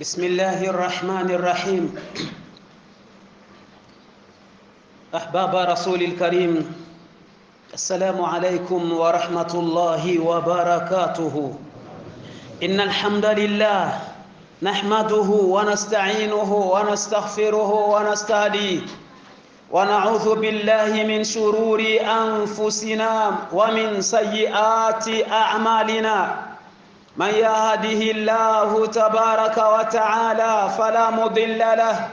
بسم الله الرحمن الرحيم أحباب رسول الكريم السلام عليكم ورحمة الله وبركاته إن الحمد لله نحمده ونستعينه ونستغفره ونستهديه ونعوذ بالله من شرور أنفسنا ومن سيئات أعمالنا من يهده الله تبارك وتعالى فلا مضل له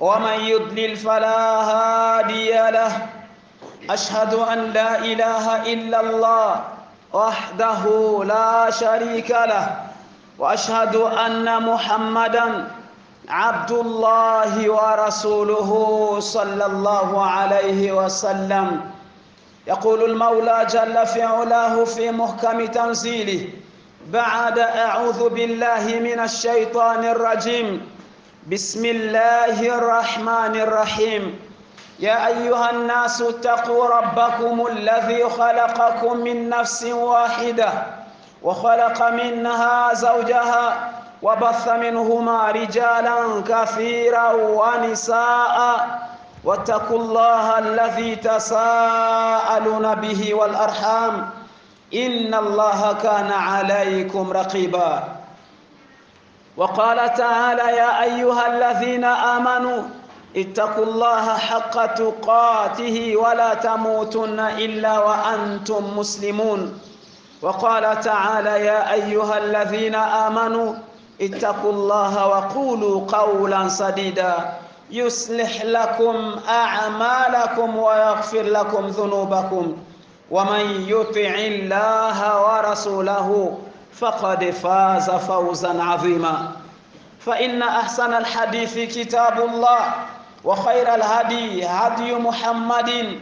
ومن يضلل فلا هادي له أشهد أن لا إله إلا الله وحده لا شريك له وأشهد أن محمدا عبد الله ورسوله صلى الله عليه وسلم يقول المولى جل في علاه في محكم تنزيله بعد أعوذ بالله من الشيطان الرجيم بسم الله الرحمن الرحيم يا أيها الناس اتقوا ربكم الذي خلقكم من نفس واحدة وخلق منها زوجها وبث منهما رجالا كثيرا ونساء واتقوا الله الذي تساءلون به والأرحام إن الله كان عليكم رقيبا وقال تعالى يا أيها الذين آمنوا اتقوا الله حق تقاته ولا تموتن إلا وأنتم مسلمون وقال تعالى يا أيها الذين آمنوا اتقوا الله وقولوا قولا سديدا يصلح لكم أعمالكم ويغفر لكم ذنوبكم ومن يطع الله ورسوله فقد فاز فوزا عظيما فإن أحسن الحديث كتاب الله وخير الهدي هدي محمد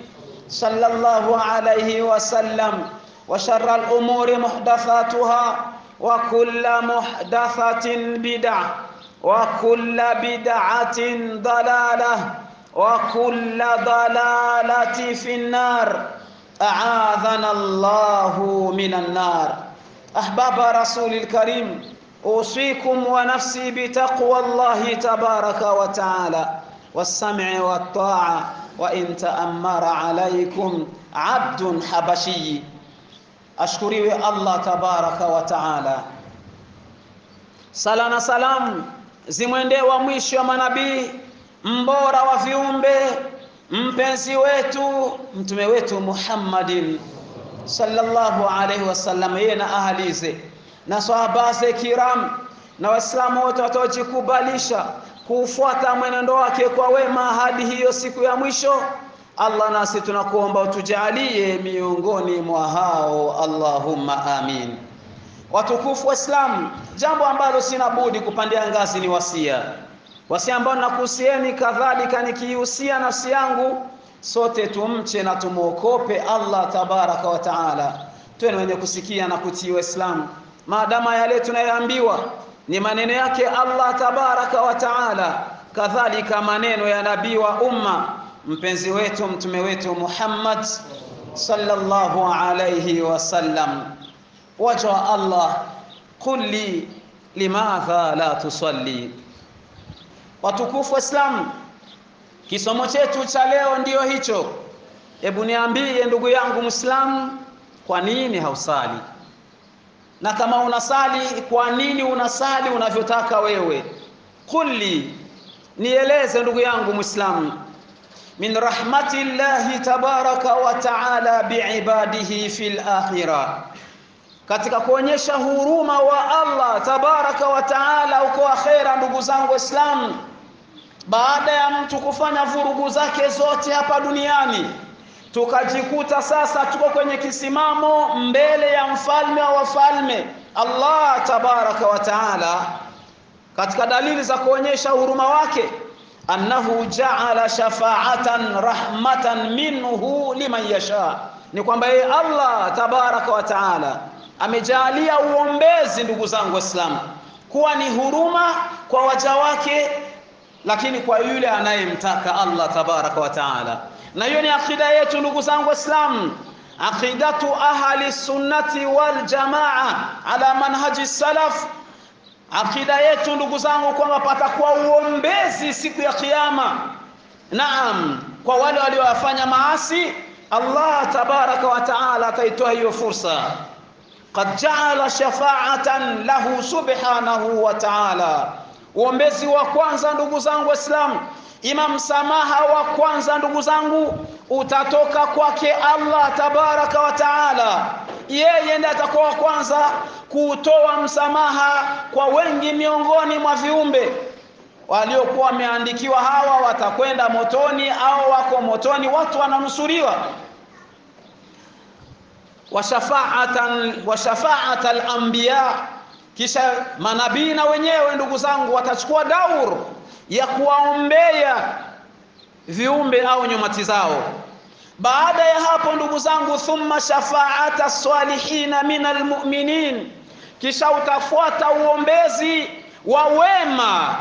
صلى الله عليه وسلم وشر الأمور محدثاتها وكل محدثة بدعة وكل بدعة ضلالة وكل ضلالة في النار أعاذنا الله من النار أحباب رسول الكريم أوصيكم ونفسي بتقوى الله تبارك وتعالى والسمع والطاعة وإن تأمر عليكم عبد حبشي أشكري الله تبارك وتعالى سلام سلام زمن دي ومشي ومنبي wa mbora wa viumbe mpenzi wetu mtume wetu Muhammadin sallallahu alayhi wasallam, yeye na ahalize na sahaba zake kiram na Waislamu wote wataojikubalisha kufuata mwenendo wake kwa wema hadi hiyo siku ya mwisho. Allah, nasi tunakuomba utujalie miongoni mwa hao, Allahumma amin. Watukufu Waislamu, jambo ambalo sina budi kupandia ngazi ni wasia wasi ambao nakuhusieni kadhalika nikiihusia nafsi yangu sote tumche na tumuokope Allah tabaraka wa taala tuwe wenye kusikia na kutii Uislamu maadama yale tunayoambiwa ni maneno yake Allah tabaraka wa taala kadhalika maneno ya nabii wa umma mpenzi wetu mtume wetu Muhammad sallallahu alayhi wasallam waja Allah qul limadha la tusalli watukufu wa islamu kisomo chetu cha leo ndiyo hicho hebu niambie ndugu yangu mwislamu kwa nini hausali na kama unasali kwa nini unasali unavyotaka wewe kulli nieleze ndugu yangu muislamu min rahmati llahi tabaraka wa taala biibadihi fil akhirah katika kuonyesha huruma wa Allah tabaraka wa taala uko akhera ndugu zangu waislamu baada ya mtu kufanya vurugu zake zote hapa duniani tukajikuta sasa tuko kwenye kisimamo mbele ya mfalme wa wafalme Allah tabaraka wa taala katika dalili za kuonyesha huruma wake annahu jaala shafa'atan rahmatan minhu liman yasha ni kwamba yeye Allah tabaraka wa taala amejalia uombezi ndugu zangu waislamu kuwa ni huruma kwa waja wake lakini kwa yule anayemtaka Allah tabaraka wa taala. Na hiyo ni akida yetu ndugu zangu Waislamu, aqidatu ahli sunnati wal jamaa ala manhaji salaf. Akida yetu ndugu zangu kwamba patakuwa uombezi siku ya Kiyama. Naam, kwa wale waliowafanya maasi Allah tabaraka wa taala ataitoa hiyo fursa. Qad jaala shafa'atan lahu subhanahu wa ta'ala uombezi wa kwanza ndugu zangu waislamu ima msamaha wa kwanza ndugu zangu utatoka kwake allah tabaraka wa taala yeye ndiye atakuwa wa kwanza kutoa msamaha kwa wengi miongoni mwa viumbe waliokuwa wameandikiwa hawa watakwenda motoni au wako motoni watu wananusuriwa washafaata lambiya kisha manabii na wenyewe ndugu zangu watachukua daur ya kuwaombea viumbe au nyumati zao baada ya hapo ndugu zangu thumma shafaata salihina min almuminin kisha utafuata uombezi wa wema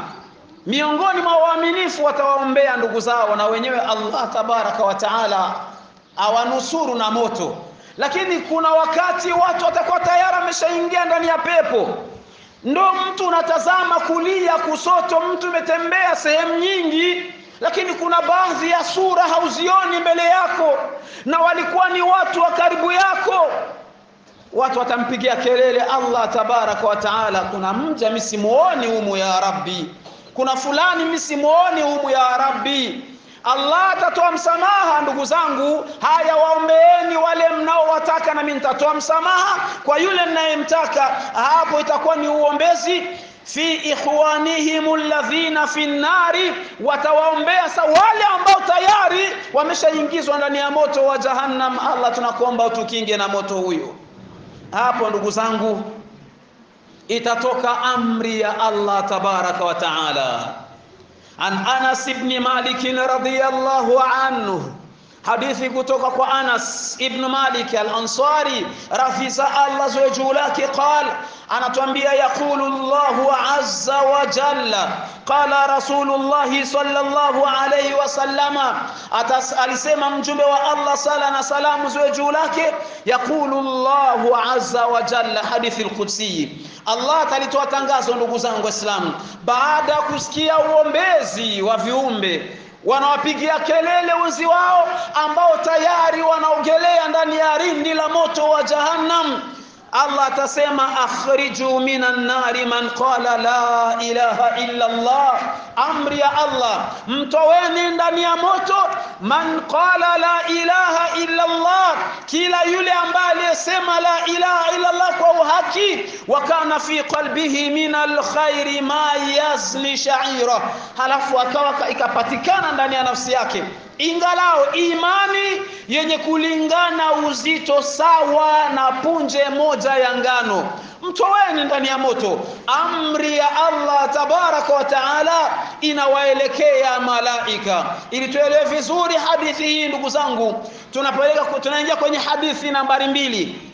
miongoni mwa waaminifu watawaombea ndugu zao na wenyewe Allah tabaraka wa taala awanusuru na moto lakini kuna wakati watu watakuwa tayari wameshaingia ndani ya pepo ndo mtu unatazama kulia kusoto mtu umetembea sehemu nyingi lakini kuna baadhi ya sura hauzioni mbele yako na walikuwa ni watu wa karibu yako watu watampigia kelele allah tabaraka wa taala kuna mja misimuoni humu ya rabbi kuna fulani misimuoni humu ya rabbi allah atatoa msamaha ndugu zangu haya waombeeni wale mnaowataka nami nitatoa msamaha kwa yule mnayemtaka hapo itakuwa ni uombezi fi ikhwanihim alladhina fi nnari watawaombea sa wale ambao tayari wameshaingizwa ndani ya moto wa jahannam allah tunakuomba utukinge na moto huyo hapo ndugu zangu itatoka amri ya allah tabaraka wa taala عن أنس بن مالك رضي الله عنه hadithi kutoka kwa Anas ibn Malik al-Ansari rafiza Allah zwe juu lake qala anatuambia yaqulu Allahu azza wa jalla qala rasulullah sallallahu alayhi wasallama alisema mjumbe wa Allah sala na salamu zwe juu lake yaqulu Allahu azza wa jalla hadithi al-qudsi Allah atalitoa tangazo ndugu zangu waislamu baada ya kusikia uombezi wa viumbe wanawapigia kelele wenzi wao ambao tayari wanaogelea ndani ya rindi la moto wa jahannam Allah atasema akhriju minan nari man qala la ilaha illa Allah, amri ya Allah, mtoweni ndani ya moto man qala la ilaha illa Allah, kila yule ambaye aliyesema la ilaha illa Allah kwa uhaki, wa kana fi qalbihi min alkhairi ma yazni shaira, halafu akawa ikapatikana ndani ya nafsi yake ingalao imani yenye kulingana uzito sawa na punje moja ya ngano mtoweni ndani ya moto amri ya allah tabaraka wa taala inawaelekea malaika ili tuelewe vizuri hadithi hii ndugu zangu tunapeleka tunaingia kwenye hadithi nambari mbili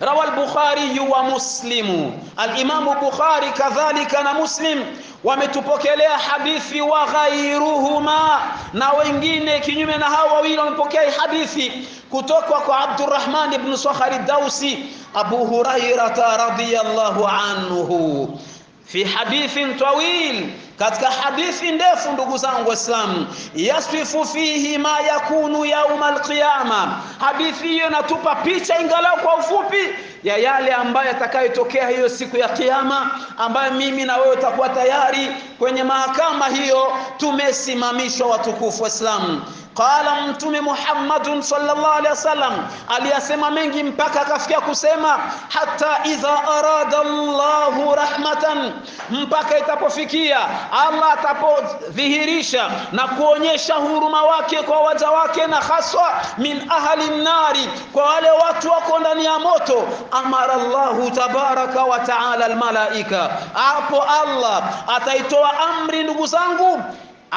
rawa al-Bukhari wa Muslimu, al-Imamu Bukhari kadhalika na Muslim wametupokelea hadithi wa ghairuhuma, na wengine kinyume na hao wawili wamepokea hadithi kutoka kwa Abdurrahman ibn Sakhari Dausi, Abu Hurairata radhiyallahu anhu fi hadithin tawil katika hadithi ndefu ndugu zangu waislamu yasifu fihi ma yakunu yauma alqiyama hadithi hiyo inatupa picha ingalau kwa ufupi ya yale ambayo yatakayotokea hiyo siku ya kiyama ambayo mimi na wewe utakuwa tayari kwenye mahakama hiyo tumesimamishwa watukufu waislamu qala mtume Muhammadun sallallahu alaihi wasallam aliyasema mengi mpaka akafikia kusema hata idha arada Allahu rahmatan mpaka itapofikia Allah atapodhihirisha na kuonyesha huruma wake kwa waja wake na haswa min ahli nnari kwa wale watu wako ndani ya moto amara Allahu tabaraka wa taala almalaika hapo Allah ataitoa amri ndugu zangu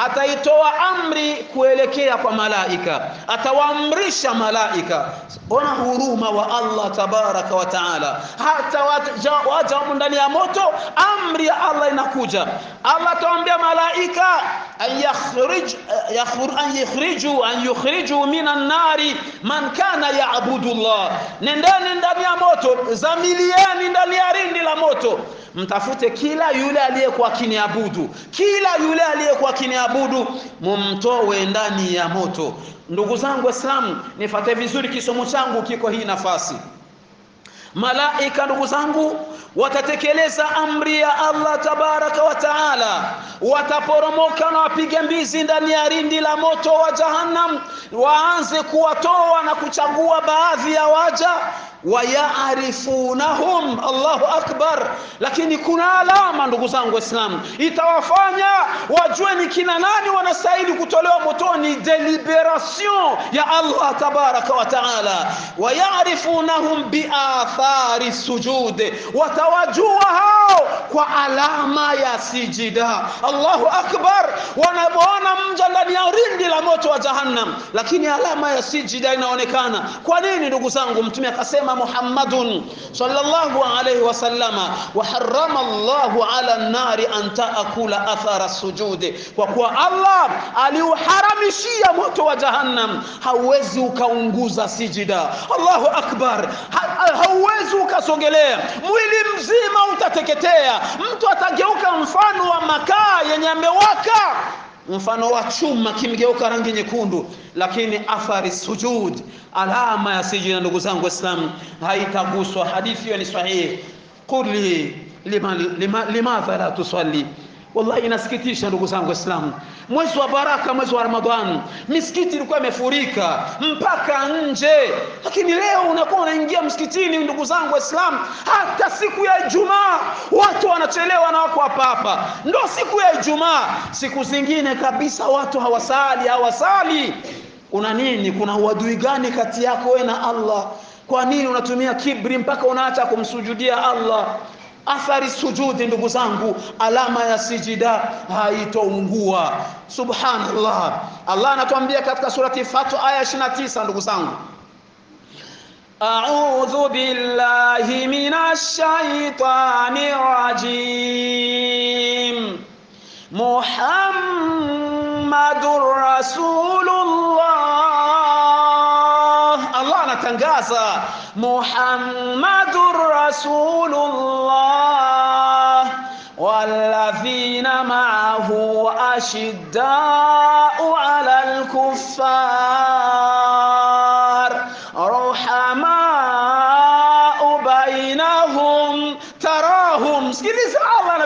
ataitoa amri kuelekea kwa malaika atawaamrisha malaika ona huruma wa Allah tabaraka wa taala hata waja, waja ndani ya moto amri ya Allah inakuja Allah atawaambia malaika an yakhrij yakhur an yukhriju an yukhriju minan nari man kana yaabudu Allah nendeni ndani ya moto zamilieni ndani ya rindi la moto mtafute kila yule aliyekuwa kiniabudu kila yule aliyekuwa kiniabudu mtakapoabudu mumtoe ndani ya moto ndugu zangu waislamu nifate vizuri kisomo changu kiko hii nafasi malaika ndugu zangu watatekeleza amri ya Allah tabaraka wa taala wataporomoka na wapiga mbizi ndani ya rindi la moto wa jahannam waanze kuwatoa na kuchagua baadhi ya waja wayaarifunahum allahu akbar lakini kuna alama ndugu zangu waislamu itawafanya wajue ni kina nani wanastahili kutolewa motoni deliberation ya allah tabaraka wa taala wayaarifunahum biathari sujud watawajua hao kwa alama ya sijida allahu akbar wanaona mja ndani ya rindi la moto wa jahannam lakini alama ya sijida inaonekana kwa nini ndugu zangu mtume akasema harrama Muhammadun sallallahu alayhi sallama wa harrama Allahu ala nari an athara sujudi, kwa kuwa Allah aliuharamishia moto wa Jahannam, hauwezi ukaunguza sijida. Allahu akbar, hauwezi ukasogelea, mwili mzima utateketea. Mtu atageuka mfano wa makaa yenye amewaka, mfano wa chuma kimgeuka rangi nyekundu lakini athari sujud, alama ya sijina, ndugu zangu Waislamu, haitaguswa. Hadithi hiyo ni sahihi. Quli limadha lima, lima la tusalli. Wallahi inasikitisha ndugu zangu Waislamu mwezi wa baraka mwezi wa ramadhani misikiti ilikuwa imefurika mpaka nje lakini leo unakuwa unaingia msikitini ndugu zangu waislamu hata siku ya ijumaa watu wanachelewa na wako hapa hapa ndo siku ya ijumaa siku zingine kabisa watu hawasali hawasali kuna nini kuna uadui gani kati yako we na allah kwa nini unatumia kibri mpaka unaacha kumsujudia allah athari sujudi ndugu zangu alama ya sijida haitoungua subhanallah allah anatuambia katika surati fatu aya 29 ndugu zangu a'udhu billahi minash الشيطان rajim muhammadur rasulullah allah anatangaza نتنقاسه محمد رسول الله والذين معه أشداء على الكفار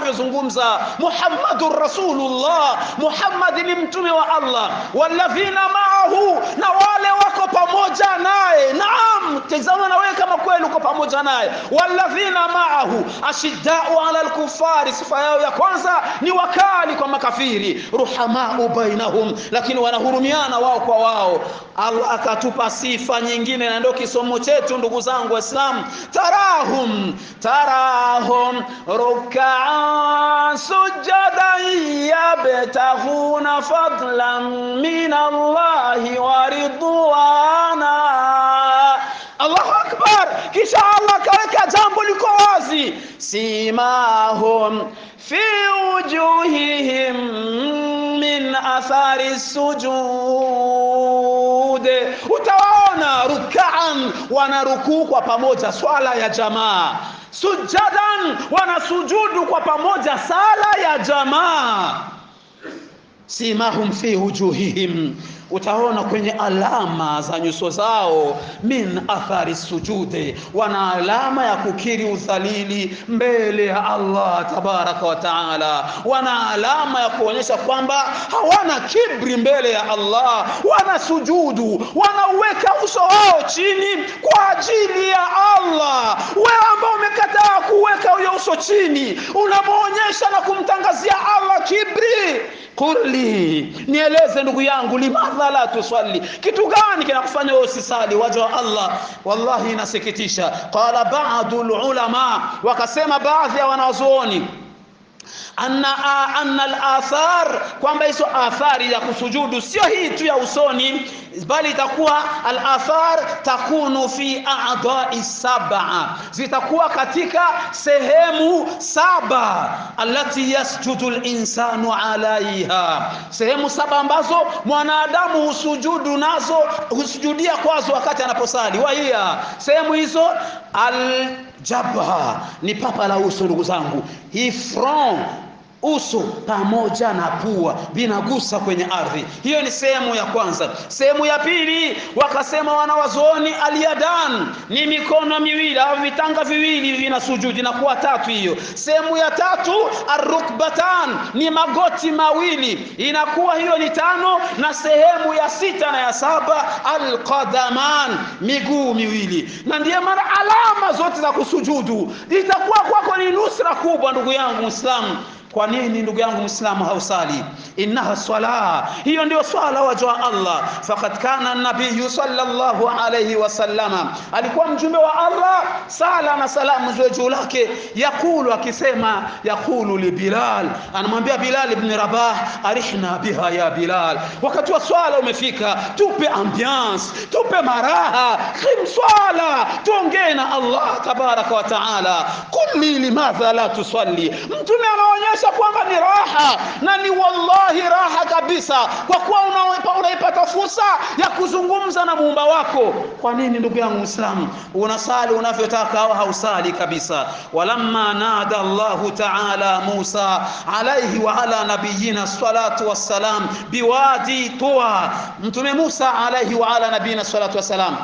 anavyozungumza muhammadun rasulullah muhammadi ni mtume wa allah walladhina maahu na wale wako pamoja naye naam tizama na wewe kama kweli uko pamoja naye walladhina maahu ashiddau ala lkufari sifa yao ya kwanza ni wakali kwa makafiri ruhamau bainahum lakini wanahurumiana wao kwa wao allah akatupa sifa nyingine na ndio kisomo chetu ndugu zangu waislam tarahum tarahum rukaa سجدا يبتغون فضلا من الله ورضوانا Allahu akbar. Kisha Allah akaweka jambo liko wazi, simahum fi wujuhihim min athari sujud, utawaona rukaan, wanarukuu kwa pamoja, swala ya jamaa sujadan, wanasujudu kwa pamoja, sala ya jamaa simahum fi wujuhihim utaona kwenye alama za nyuso zao min athari sujude wana alama ya kukiri udhalili mbele ya Allah tabaraka wa taala, wana alama ya kuonyesha kwamba hawana kibri mbele ya Allah, wana sujudu, wanauweka uso wao chini kwa ajili ya Allah. Wewe ambao umekataa kuweka huyo uso chini, unamwonyesha na kumtangazia Allah kibri. Kuli, nieleze ndugu yangu limadha fala tusalli kitu gani kinakufanya wewe usisali waja wa Allah wallahi inasikitisha qala ba'dul ulama wakasema baadhi ya wanazuoni anna anna al-athar kwamba hizo athari ya kusujudu sio hii tu ya usoni bali itakuwa al-athar takunu fi a'dha'i sab'a zitakuwa katika sehemu saba allati yasjudu al-insanu 'alayha sehemu saba ambazo mwanadamu husujudu nazo husujudia kwazo wakati anaposali wa hiya sehemu hizo al jabha ni papa la uso, ndugu zangu, hii front uso pamoja na pua vinagusa kwenye ardhi. Hiyo ni sehemu ya kwanza. Sehemu ya pili, wakasema wanawazooni aliadan ni mikono miwili au vitanga viwili vina sujudi na kuwa tatu. Hiyo sehemu ya tatu, arukbatan ni magoti mawili, inakuwa hiyo ni tano, na sehemu ya sita na ya saba, alqadaman miguu miwili. Na ndiye mara alama zote za kusujudu itakuwa kwako ni nusra kubwa, ndugu yangu Muislamu. Kwa nini ndugu yangu Muislamu hausali? Innaha swala, hiyo ndio swala wajua Allah. Faqad kana nabiyu sallallahu alayhi wasallama, alikuwa mjumbe wa Allah, sala na salamu ziwe juu lake. yaqulu akisema yaqulu libilal anamwambia Bilal ibn Rabah, arihna biha ya Bilal, wakati wa swala umefika, tupe ambiance, tupe maraha, khim swala, tuongee na Allah tabaraka wa taala. Kulli limadha la tusalli, mtume anaonyesha kuhakikisha kwamba ni raha na ni wallahi raha kabisa kwa kuwa unaipata fursa ya kuzungumza na muumba wako kwa nini ndugu yangu mwislamu unasali unavyotaka au hausali kabisa walamma nada allahu taala musa alaihi wa ala nabiyina salatu wassalam biwadi tuwa mtume musa alaihi wa ala nabiyina salatu wassalam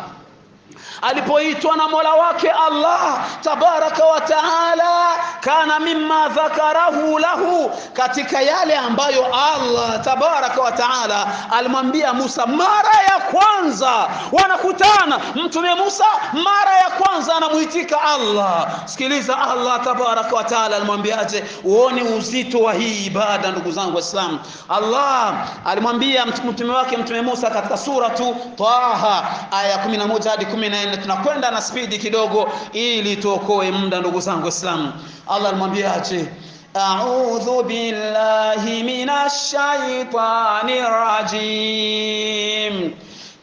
alipoitwa na mola wake allah tabaraka wa taala kana mima dhakarahu lahu katika yale ambayo allah tabaraka wa taala alimwambia musa mara ya kwanza wanakutana mtume musa mara ya kwanza anamuitika allah sikiliza allah tabaraka wa taala alimwambiaje uone uzito wa hii ibada ndugu zangu waislamu allah alimwambia mtume wake mtume musa katika suratu taha aya 11 hadi na tunakwenda na spidi kidogo ili tuokoe muda ndugu zangu waislamu allah alimwambia aje audhu billahi من الشيطان rajim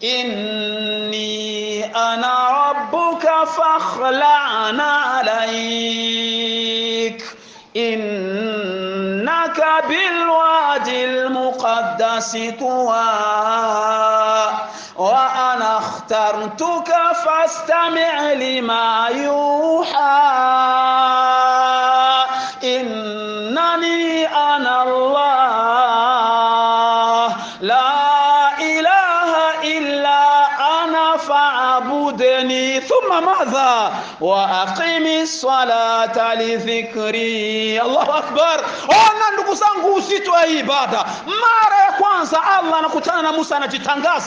inni ana ربك fakhlana عليك innaka بالوادي المقدس طوى وأنا اخترتك فاستمع لما يوحى إنني أنا الله لا إله إلا أنا فاعبدني ثم ماذا وأقم الصلاة لذكري الله أكبر ona نقصان قوسيتو uzito ya ibada mara الله kwanza موسى anakutana na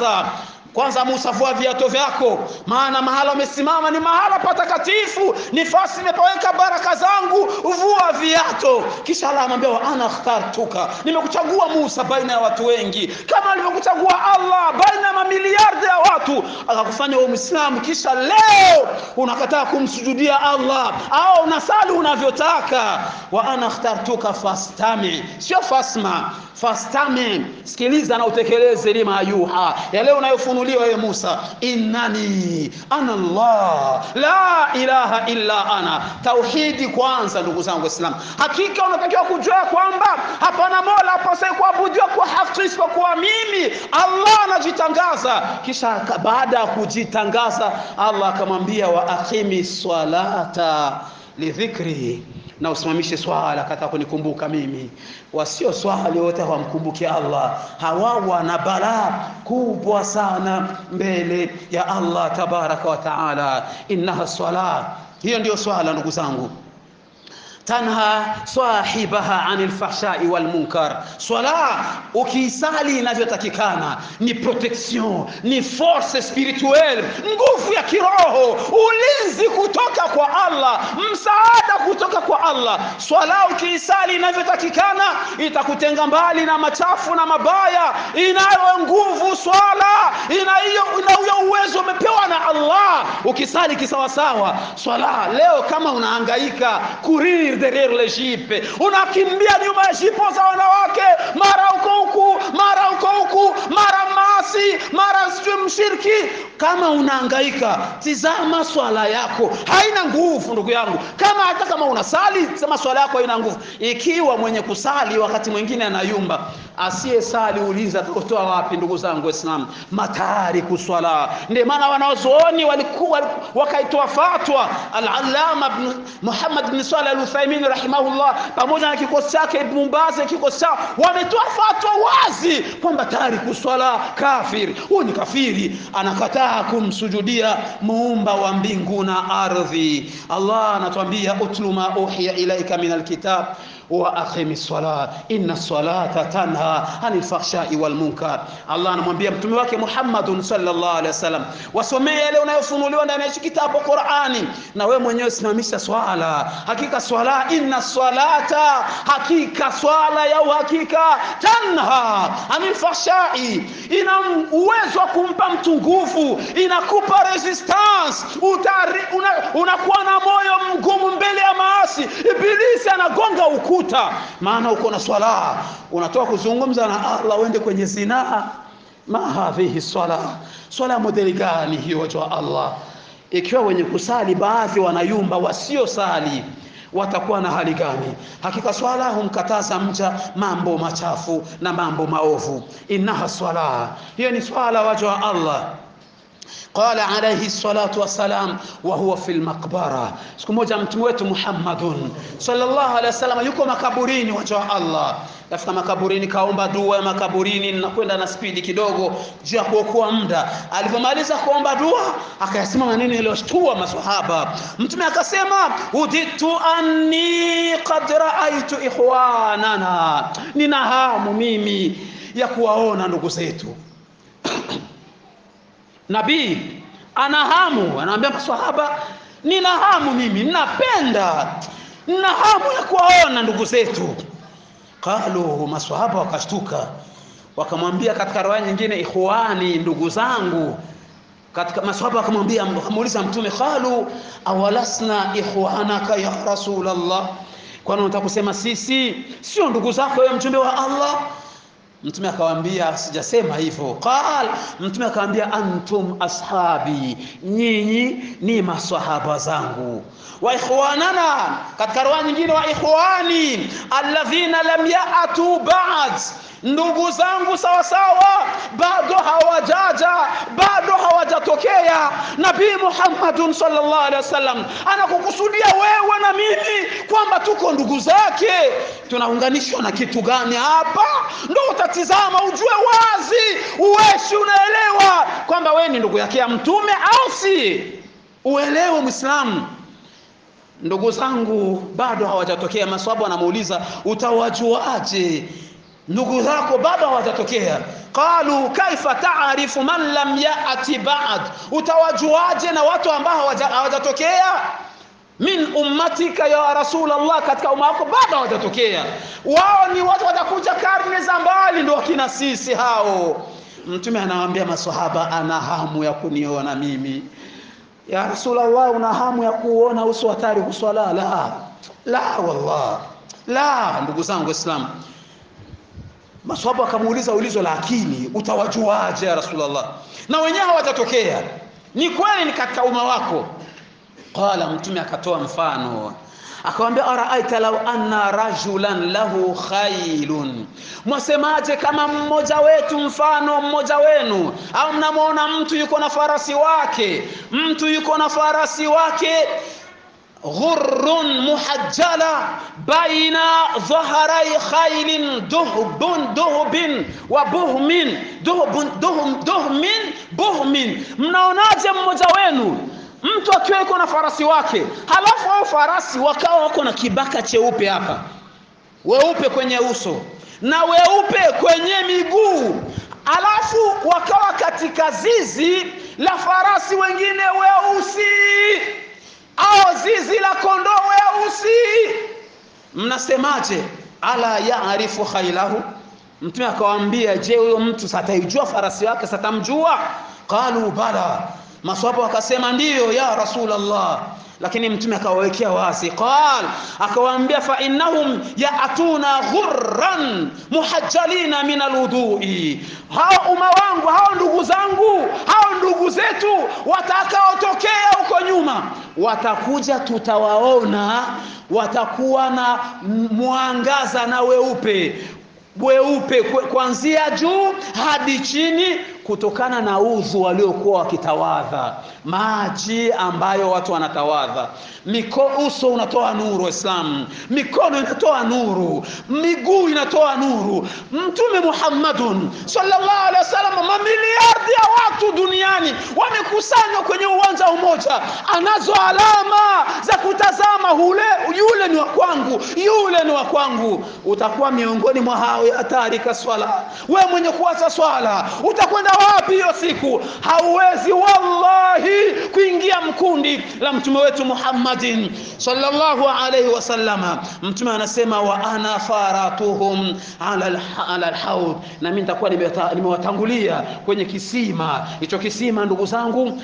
kwanza musafua viato vyako maana mahala umesimama ni mahala patakatifu nifasi imepaweka baraka zangu vua viato kisha allah anamwambia ana akhtartuka nimekuchagua musa baina ya watu wengi kama alivyokuchagua allah baina ya mamiliardi ya watu akakufanya we mwislamu kisha leo unakataa kumsujudia allah au unasali unavyotaka wa ana akhtartuka fastami sio fasma fastami sikiliza na utekeleze lima yuha yale unayofunu ulifunuliwa ye Musa, innani ana Allah la ilaha illa ana. Tauhidi kwanza, ndugu zangu islam hakika unatakiwa kujua kwamba hapana mola apasai kuabudiwa kwa haki isipokuwa mimi. Allah anajitangaza, kisha baada ya kujitangaza Allah akamwambia wa aqimi salata lidhikri na usimamishe swala kadhaa kunikumbuka mimi. Wasio swali wote hawamkumbuki Allah, hawa wana balaa kubwa sana mbele ya Allah tabaraka wa taala. Innaha swala, hiyo ndiyo swala ndugu zangu tanha sahibaha anil fahshai walmunkar Swala ukiisali inavyotakikana ni protection, ni force spirituelle, nguvu ya kiroho, ulinzi kutoka kwa Allah, msaada kutoka kwa Allah. Swala ukiisali inavyotakikana itakutenga mbali na machafu na mabaya. Inayo nguvu swala, inayo uwezo umepewa na Allah. Ukisali kisawasawa swala, leo kama unahangaika kurir derrière l'Égypte. On a kimbiani majipo za wanawake, mara ukonku, mara ukonku, mara maasi, mara sijui mshirki kama unaangaika tizama swala yako haina nguvu ndugu yangu kama hata kama unasali sema swala yako haina nguvu ikiwa mwenye kusali wakati mwingine anayumba asiyesali uliza atatoa wapi ndugu zangu waislamu matari kuswala ndio maana wanaozooni walikuwa wakaitoa fatwa al-allama muhammad bin salih al rahimahullah pamoja na kikosi chake ibn mbazi kikosi chao wametoa fatwa wazi kwamba tari kuswala kafiri huyu ni kafiri anakataa kukataa kumsujudia muumba wa mbingu na ardhi. Allah anatuambia utlu ma uhiya ilaika min alkitab wa aqimi sala inna salata tanha anil fahshai wal munkar. Allah anamwambia mtume wake Muhammadun sallallahu alaihi wasallam, wasomee yale unayofunuliwa ndani ya kitabu Qur'ani, na wewe mwenyewe simamisha swala. Hakika swala, inna salata, hakika swala ya uhakika, tanha anil fahshai, ina uwezo wa kumpa mtu nguvu, inakupa resistance, unakuwa una na moyo mgumu mbele ya maasi. Ibilisi anagonga ukuta kuvuta, maana uko na swala, unatoka kuzungumza na Allah uende kwenye zinaa. Ma hadhihi swala, swala modeli gani hiyo, watu wa Allah? Ikiwa wenye kusali baadhi wanayumba, wasiosali watakuwa na hali gani? Hakika swala humkataza mcha mambo machafu na mambo maovu. Innaha swala, hiyo ni swala, watu wa Allah qala alayhi salatu wassalam wahuwa fi lmaqbara siku moja mtume wetu Muhammadun sallallahu alaihi wasallam yuko makaburini wacha wa Allah kafika makaburini kaomba dua ya makaburini nakwenda na spidi kidogo juu ya kuokoa muda alipomaliza kuomba dua akayasema maneno yaliyoshtua maswahaba mtume akasema uditu anni qad raaitu ikhwanana nina hamu mimi ya kuwaona ndugu zetu nabii ana hamu, anawaambia maswahaba, nina hamu mimi, ninapenda nina hamu ya kuwaona ndugu zetu. Qalu, maswahaba wakashtuka, wakamwambia katika riwaya nyingine, ikhwani, ndugu zangu. Katika maswahaba wakamwambia, akamuuliza Mtume, qalu awalasna ikhwanaka ya Rasulullah, kwani unataka kusema sisi sio ndugu zako, wewe mjumbe wa Allah? Mtume akawaambia sijasema hivyo. Qal, mtume akawaambia antum ashabi, nyinyi ni maswahaba zangu. Wa ikhwanana, katika riwaya nyingine wa ikhwani alladhina lam yaatu ba'd ndugu zangu sawasawa bado hawajaja bado hawajatokea nabii muhammadun salllah alehi wasallam anakukusudia wewe na mimi kwamba tuko ndugu zake tunaunganishwa na kitu gani hapa ndo utatizama ujue wazi uweshi unaelewa kwamba wewe ni ndugu yake ya mtume au si uelewe mwislamu ndugu zangu bado hawajatokea maswabu anamuuliza utawajuaje ndugu zako baba watatokea qalu kaifa taarifu man lam yati ba'd utawajuaje na watu ambao hawajatokea min ummatika ya allah katika umma wako bado hawajatokea wao ni watu watakuja karne za mbali ndio wakina sisi hao mtume anawaambia maswahaba ana hamu ya kuniona mimi ya allah una hamu ya kuona uso hatari tariku la la wallah la ndugu zangu waislamu Maswahaba wakamuuliza ulizo, lakini utawajuaje ya Rasulullah? Na wenyewe hawatatokea, ni kweli ni katika umma wako. Qala, Mtume akatoa mfano akawambia, araaita lau anna rajulan lahu khailun, mwasemaje kama mmoja wetu, mfano mmoja wenu, au mnamwona mtu yuko na farasi wake, mtu yuko na farasi wake غر محجلة بين ظهري خيل دهب دهب وبهم دهب دهم دهم بهم mnaonaje mmoja wenu mtu akiwa yuko na farasi wake halafu hao farasi wakawa wako na kibaka cheupe hapa weupe kwenye uso na weupe kwenye miguu alafu wakawa katika zizi la farasi wengine weusi au zizi la kondoo weusi mnasemaje ala yaarifu khailahu mtume akawaambia je huyo mtu sataijua farasi wake satamjua qalu bala maswahaba wakasema ndiyo ya rasulallah lakini mtume akawawekea wasi qal akawaambia fa innahum yaatuna ghurran muhajjalina min alwudui hao umma wangu hao ndugu zangu hao ndugu zetu watakaotokea huko nyuma watakuja tutawaona watakuwa na mwangaza na weupe weupe kuanzia juu hadi chini kutokana na udhu waliokuwa wakitawadha, maji ambayo watu wanatawadha. Miko, uso unatoa nuru, Waislamu, mikono inatoa nuru, miguu inatoa nuru. Mtume Muhammadun sallallahu alaihi wasallam, mamiliardi ya watu duniani wamekusanywa kwenye uwanja umoja, anazo alama za kutazama, hule yule ni wa kwangu, yule ni wa kwangu. Utakuwa miongoni mwa hao ya tarika swala, wewe mwenye kuacha swala utakwenda utakwenda wapi hiyo siku hauwezi wallahi kuingia mkundi la mtume wetu muhammadin sallallahu alaihi wasallama mtume anasema wa ana faratuhum ala lhaud na mi nitakuwa nimewatangulia kwenye kisima hicho kisima ndugu zangu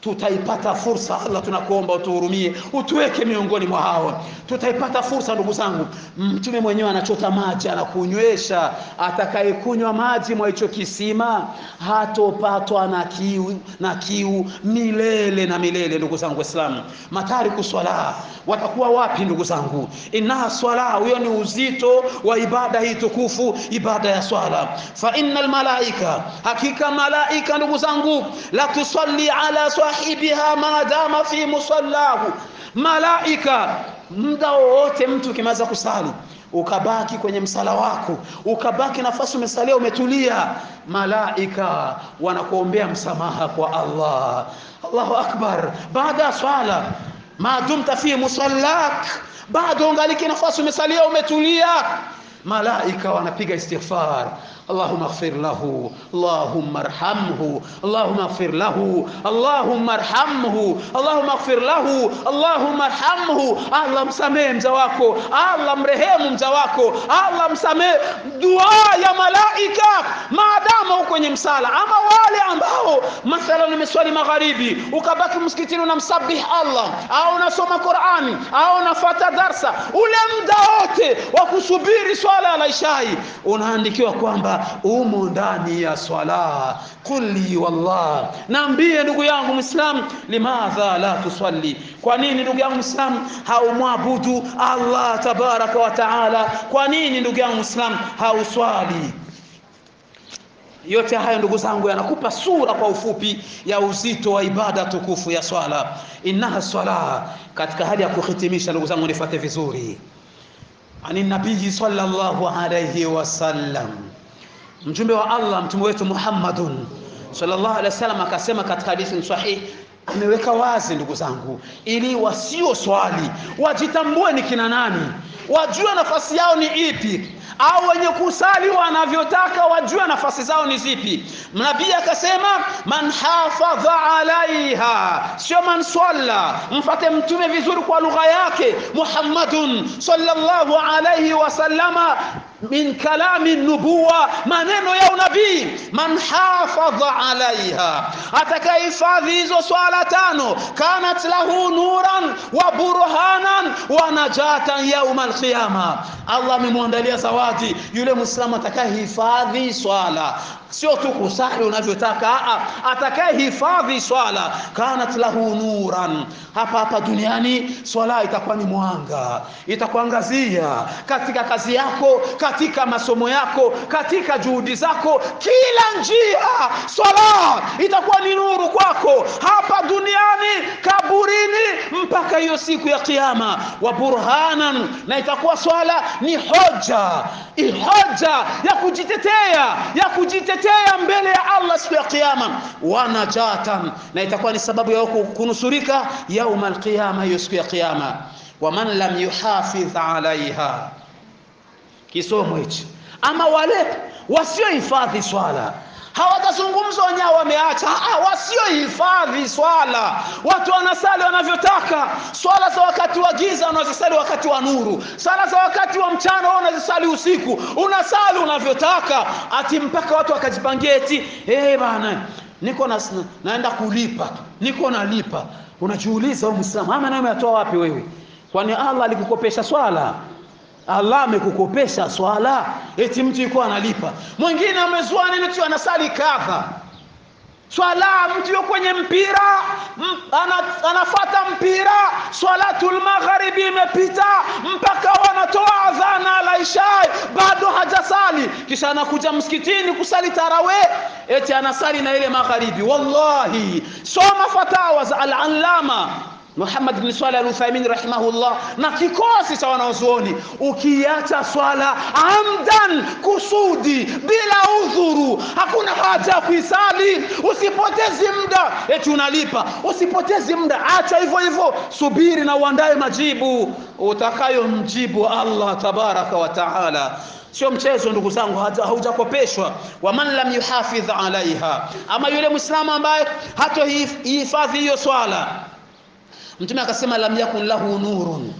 tutaipata fursa. Allah, tunakuomba utuhurumie, utuweke miongoni mwa hawa. Tutaipata fursa, ndugu zangu. Mtume mwenyewe anachota maji anakunywesha, atakayekunywa maji mwa hicho kisima hatopatwa na kiu, na kiu milele na milele. Ndugu zangu Waislamu, matariku swala watakuwa wapi? Ndugu zangu, innaha swala, huyo ni uzito wa ibada hii tukufu, ibada ya swala. Fa innal malaika, hakika malaika ndugu zangu, la tusalli ala swala sahibiha maadama fi musallahu malaika muda wowote mtu ukimaliza kusali ukabaki kwenye msala wako ukabaki nafasi umesalia umetulia malaika wanakuombea msamaha kwa Allah Allahu akbar baada ya swala madumta fi musallak bado ungaliki nafasi umesalia umetulia malaika wanapiga istighfar اللهم اغفر له اللهم ارحمه اللهم اغفر له اللهم ارحمه اللهم اغفir lahu allahumma arhamhu allah msamehe mja wako allah mrehemu mja wako allah msamehe dua ya malaika maadamu kwenye msala ama wale ambao mathalan umeswali magharibi ukabaki msikitini unamsabih allah au unasoma qurani au unafuata darsa ule muda wote wa kusubiri swala la ishai unaandikiwa kwamba umo ndani ya swala. Kulli wallah, naambie ndugu yangu Muislamu, limadha la tusalli, kwa nini ndugu yangu Muislamu haumwabudu Allah tabaraka wa taala? Kwa nini ndugu yangu Muislamu hauswali? Yote hayo ndugu zangu, yanakupa sura kwa ufupi ya uzito wa ibada tukufu ya swala. Innaha swala, katika hali ya kuhitimisha, ndugu zangu, nifuate vizuri. Ani nabii sallallahu alayhi wasallam Mjumbe wa Allah mtume wetu Muhammadun sallallahu alaihi wasallam akasema katika hadithi sahihi, ameweka wazi ndugu zangu, ili wasio swali wajitambue ni kina nani, wajue nafasi yao ni ipi, au wenye kusali wanavyotaka wajue nafasi zao ni zipi. Nabii akasema man hafadha alaiha, sio man swalla. Mfate mtume vizuri kwa lugha yake Muhammadun sallallahu alaihi wasallama min kalami nubuwa, maneno ya unabii. Man hafadha alaiha, atakayehifadhi hizo swala tano, kanat lahu nuran wa burhanan wa najatan yauma alqiyama, Allah amemwandalia zawadi yule Muislamu atakayehifadhi swala sio tu kusali unavyotaka atakaye hifadhi swala kanat lahu nuran hapa hapa duniani swala itakuwa ni mwanga itakuangazia katika kazi yako katika masomo yako katika juhudi zako kila njia swala itakuwa ni nuru kwako hapa duniani kaburini mpaka hiyo siku ya kiyama wa burhanan na itakuwa swala ni hoja ihoja ya kujitetea ya kujitetea kutetea mbele ya Allah siku ya kiyama wanajatan na itakuwa ni sababu yao kunusurika yauma alqiyama hiyo siku ya kiyama waman lam yuhafidh alaiha kisomo hichi ama wale wasiohifadhi swala hawatazungumza wenyewe wameacha ah, ah, wasiohifadhi swala watu wanasali wanavyotaka swala za wakati wa giza unazisali wakati wa nuru swala za wakati wa mchana unazisali usiku unasali unavyotaka ati mpaka watu wakajipangia eti hey eh, bana niko na, naenda kulipa niko nalipa unajiuliza wewe ama nayo wapi wewe kwani allah alikukopesha swala Allah amekukopesha swala, eti mtu yuko analipa. Mwingine amezuani tu anasali kadha swala, mtu yuko kwenye mpira anafata mpira, swalatul imepita mpaka wanatoa adhana isha bado hajasali, kisha anakuja msikitini kusali tarawe, eti anasali na ile magharibi. Wallahi, soma fatawa za al-Allama Muhammad bin Swala Al-Uthaymeen rahimahullah, na kikosi cha wanazuoni, ukiacha swala amdan, kusudi, bila udhuru, hakuna haja ya kuisali, usipotezi muda eti unalipa. Usipotezi muda, acha hivyo hivyo, subiri na uandae majibu utakayomjibu Allah tabaraka wa taala. Sio mchezo ndugu zangu, haujakopeshwa. wa man lam yuhafidh alaiha, ama yule mwislamu ambaye hatoihifadhi hiyo swala Mtume akasema lam yakun lahu nurun,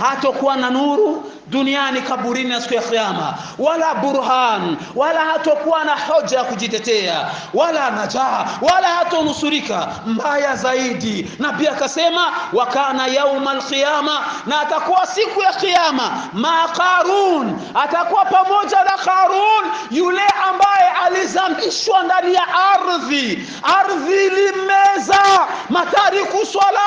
hatokuwa na nuru duniani kaburini na siku ya kiyama wala burhan wala hatokuwa na hoja ya kujitetea wala najaa wala hatonusurika mbaya zaidi na pia akasema wakana yauma alqiyama na atakuwa siku ya kiyama ma qarun atakuwa pamoja na qarun yule ambaye alizambishwa ndani ya ardhi ardhi limeza matariku swala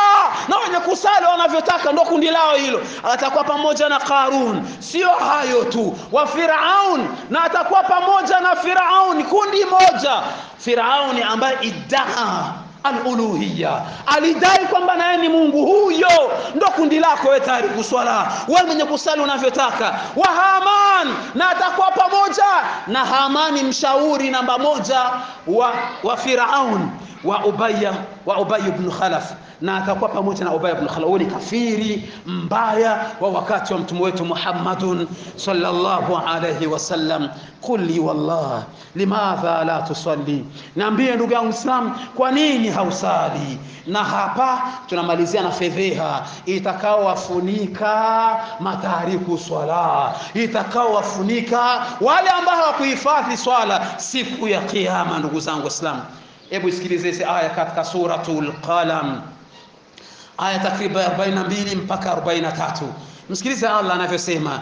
na wenye kusali wanavyotaka ndo kundi lao hilo atakuwa pamoja na qarun Firaun. Sio hayo tu, wa Firaun, na atakuwa pamoja na Firaun, kundi moja. Firauni ambaye idaa aluluhiya alidai kwamba naye ni Mungu. Huyo ndo kundi lako wewe, tayari kuswala wewe mwenye kusali unavyotaka. Wa Haman na atakuwa pamoja na Hamani, mshauri namba moja wa, wa Firaun wa Ubaya wa Ubay ibn Khalaf, na akakuwa pamoja na Ubay ibn Khalaf. Huyu ni kafiri mbaya wa wakati wa mtume wetu Muhammadun sallallahu alayhi wasallam. kuli wallah limadha la tusalli, niambie ndugu yangu Islam, kwa nini hausali? Na hapa tunamalizia na fedheha itakaowafunika matariku swala, itakaowafunika wale ambao hawakuhifadhi swala siku ya Kiyama. Ndugu zangu Waislamu. Hebu isikilize aya katika suratul Qalam, aya takriban 42 mpaka 43. Msikilize Allah anavyosema,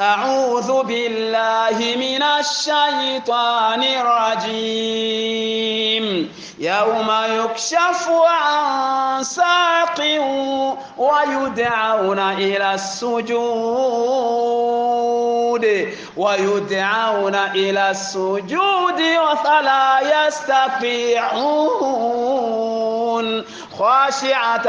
a'udhu billahi minash shaitani rajim yauma yukshafu an saqin wa yud'auna ila sujud الوجود ويدعون إلى السجود فلا يستطيعون خاشعة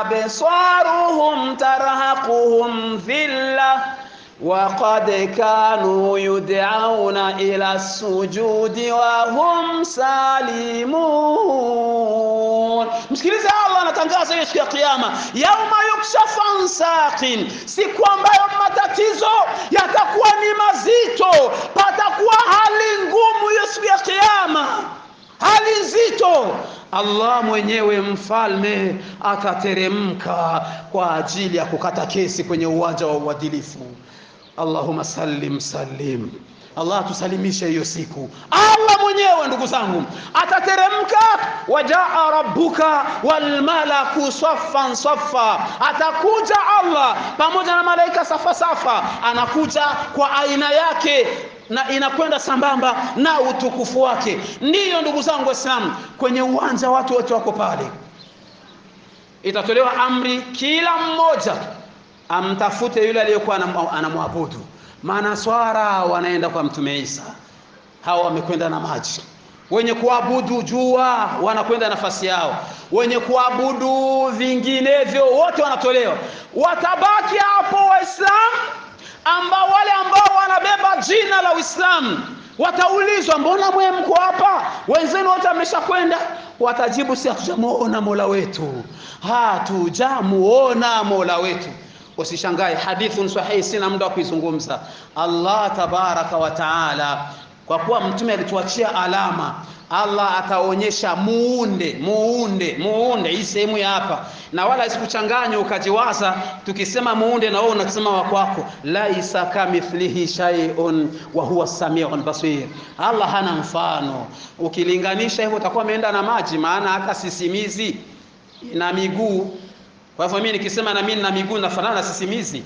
أبصارهم ترهقهم ذلة وقد كانوا يدعون إلى السجود وهم سالمون msikilize allah anatangaza hiyo siku ya kiama yauma yukshafu an saqin siku ambayo matatizo yatakuwa ni mazito patakuwa hali ngumu قيامة siku ya hali nzito allah mwenyewe mfalme atateremka kwa ajili ya kukata kesi kwenye uwanja wa uadilifu Allahumma sallim sallim. Allah tusalimishe hiyo siku. Allah mwenyewe ndugu zangu atateremka, wajaa rabbuka walmalaku saffan saffa, atakuja Allah pamoja na malaika safa safa, anakuja kwa aina yake na inakwenda sambamba na utukufu wake. Ndiyo ndugu zangu Waislamu, kwenye uwanja watu wote wako pale, itatolewa amri kila mmoja amtafute yule aliyekuwa anamwabudu maana swara wanaenda kwa mtume isa hawa wamekwenda na maji wenye kuabudu jua wanakwenda nafasi yao wenye kuabudu vinginevyo wote wanatolewa watabaki hapo waislam ambao wale ambao wanabeba jina la uislamu wataulizwa mbona mwe mko hapa wenzenu wote ameshakwenda watajibu si hatujamuona mola wetu hatujamuona mola wetu Usishangae, hadithun sahihi, sina muda wa kuizungumza. Allah tabaraka wa taala, kwa kuwa mtume alituachia alama, Allah ataonyesha muunde, muunde, muunde hii sehemu ya hapa, na wala isikuchanganya ukajiwaza, tukisema muunde na wewe unasema wakwako Laisa kamithlihi shay'un wa huwa samiun basir, Allah hana mfano. Ukilinganisha hivyo utakuwa umeenda na maji, maana hata sisimizi na miguu kwa hivyo mimi nikisema na mimi na miguu nafanana na sisimizi,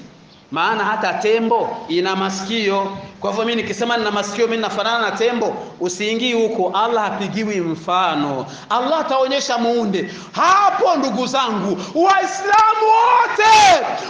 maana hata tembo ina masikio. Kwa hivyo mimi nikisema nina masikio mimi nafanana na tembo, usiingii huko. Allah hapigiwi mfano, Allah ataonyesha muunde. Hapo ndugu zangu, Waislamu wote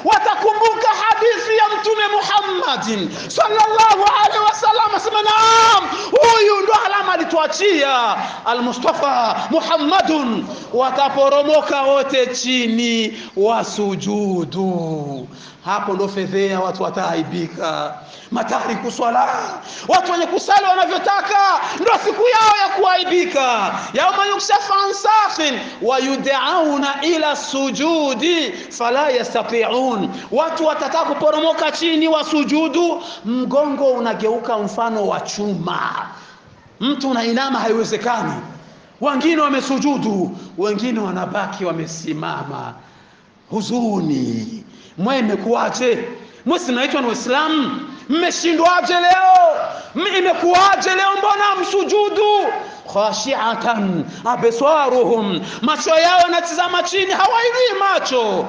watakumbuka hadithi ya Mtume Muhammadin sallallahu alaihi wasallam, asema naam, huyu ndo alama alituachia Almustafa Muhammadun. Wataporomoka wote chini wasujudu hapo ndo fedhea watu wataaibika. Matariku swala, watu wenye kusali wanavyotaka, ndo siku yao ya kuaibika. yauma yukshafu an wayudauna ila sujudi fala yastatiun, watu watataka kuporomoka chini wasujudu, mgongo unageuka mfano wa chuma, mtu unainama, haiwezekani. Wengine wamesujudu, wengine wanabaki wamesimama, huzuni mwe imekuwaje? Mwe sinaitwa na Waislamu, mmeshindwaje leo? Imekuwaje leo? Mbona msujudu? khashiatan abeswaruhum, macho yao yanatizama chini, hawainui macho,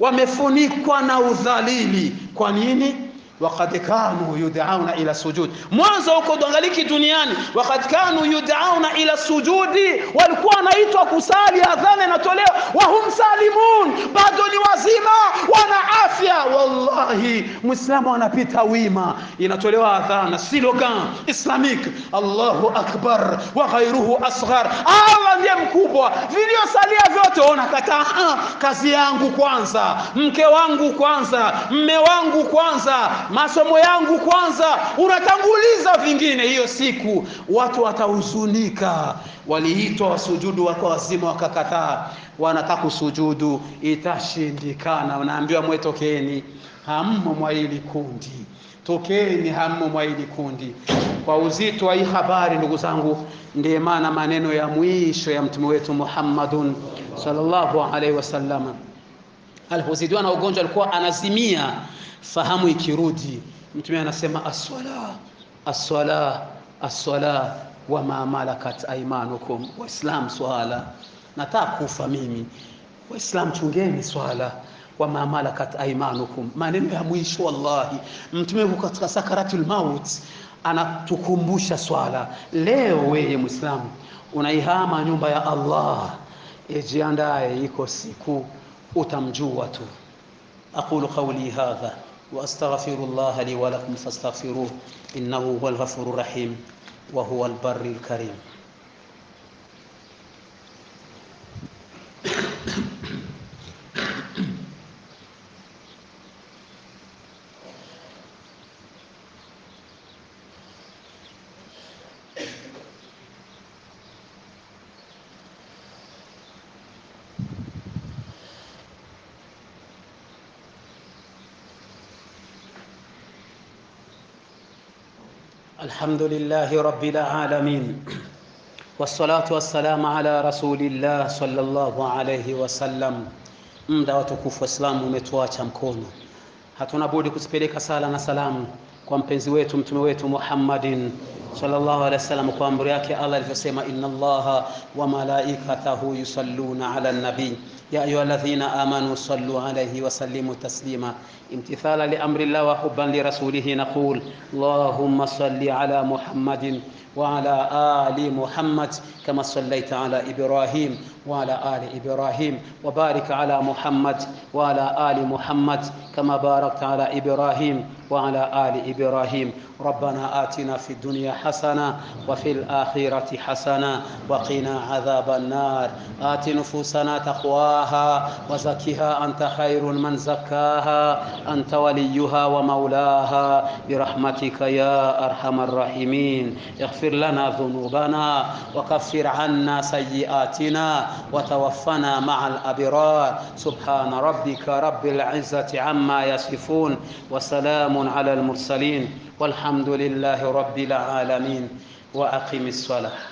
wamefunikwa na udhalili. Kwa nini? waqad kanu yudauna ila sujud mwanzo huko dongaliki duniani waqad kanu yudauna ila sujudi walikuwa wanaitwa kusali adhana inatolewa wahum salimun bado ni wazima wana afya wallahi muislamu anapita wima inatolewa adhana slogan islamic allahu akbar wa ghayruhu asghar allah ndiye mkubwa viliosalia vyote ona kata ah, kazi yangu kwanza mke wangu kwanza mme wangu kwanza masomo yangu kwanza, unatanguliza vingine. Hiyo siku watu watahuzunika. Waliitwa wasujudu, wako wazima, wakakataa. Wanataka kusujudu, itashindikana. Wanaambiwa mwetokeni, hammo mwa kundi tokeni hammo mwa kundi. Kwa uzito wa hii habari, ndugu zangu, ndiye maana maneno ya mwisho ya mtume wetu Muhammadun sallallahu alaihi wasallam alipozidiwa na ugonjwa alikuwa anazimia, fahamu ikirudi, mtume anasema aswala aswala aswala wa ma malakat aimanukum. Waislam, swala, nataka kufa mimi. Waislam, chungeni swala wa ma malakat aimanukum, maneno ya mwisho. Wallahi, mtume huko katika sakaratul maut anatukumbusha swala. Leo wewe Muislamu unaihama nyumba ya Allah, ijiandae, iko siku أتم جوة أقول قولي هذا وأستغفر الله لي ولكم فاستغفروه إنه هو الغفور الرحيم وهو البر الكريم الحمد لله رب العالمين والصلاة والسلام على رسول الله صلى الله عليه wasallam. Muda wa tukufu Waislamu umetuacha mkono, hatuna budi kuzipeleka sala na salamu kwa mpenzi wetu mtume wetu Muhammadin sallallahu alaihi wasallam, kwa amri yake Allah alivyosema, inna allaha wa yusalluna ala nabii يا أيها الذين آمنوا صلوا عليه وسلموا تسليما امتثالا لأمر الله وحبا لرسوله نقول اللهم صل على محمد وعلى آل محمد كما صليت على إبراهيم وعلى آل إبراهيم وبارك على محمد وعلى آل محمد كما باركت على إبراهيم وعلى آل إبراهيم ربنا آتنا في الدنيا حسنة وفي الآخرة حسنة وقنا عذاب النار آت نفوسنا تقواها وزكها أنت خير من زكاها أنت وليها ومولاها برحمتك يا أرحم الراحمين اغفر لنا ذنوبنا وكفر عنا سيئاتنا وتوفنا مع الأبرار سبحان ربك رب العزة عما يصفون وسلام على المرسلين والحمد لله رب العالمين وأقم الصلاة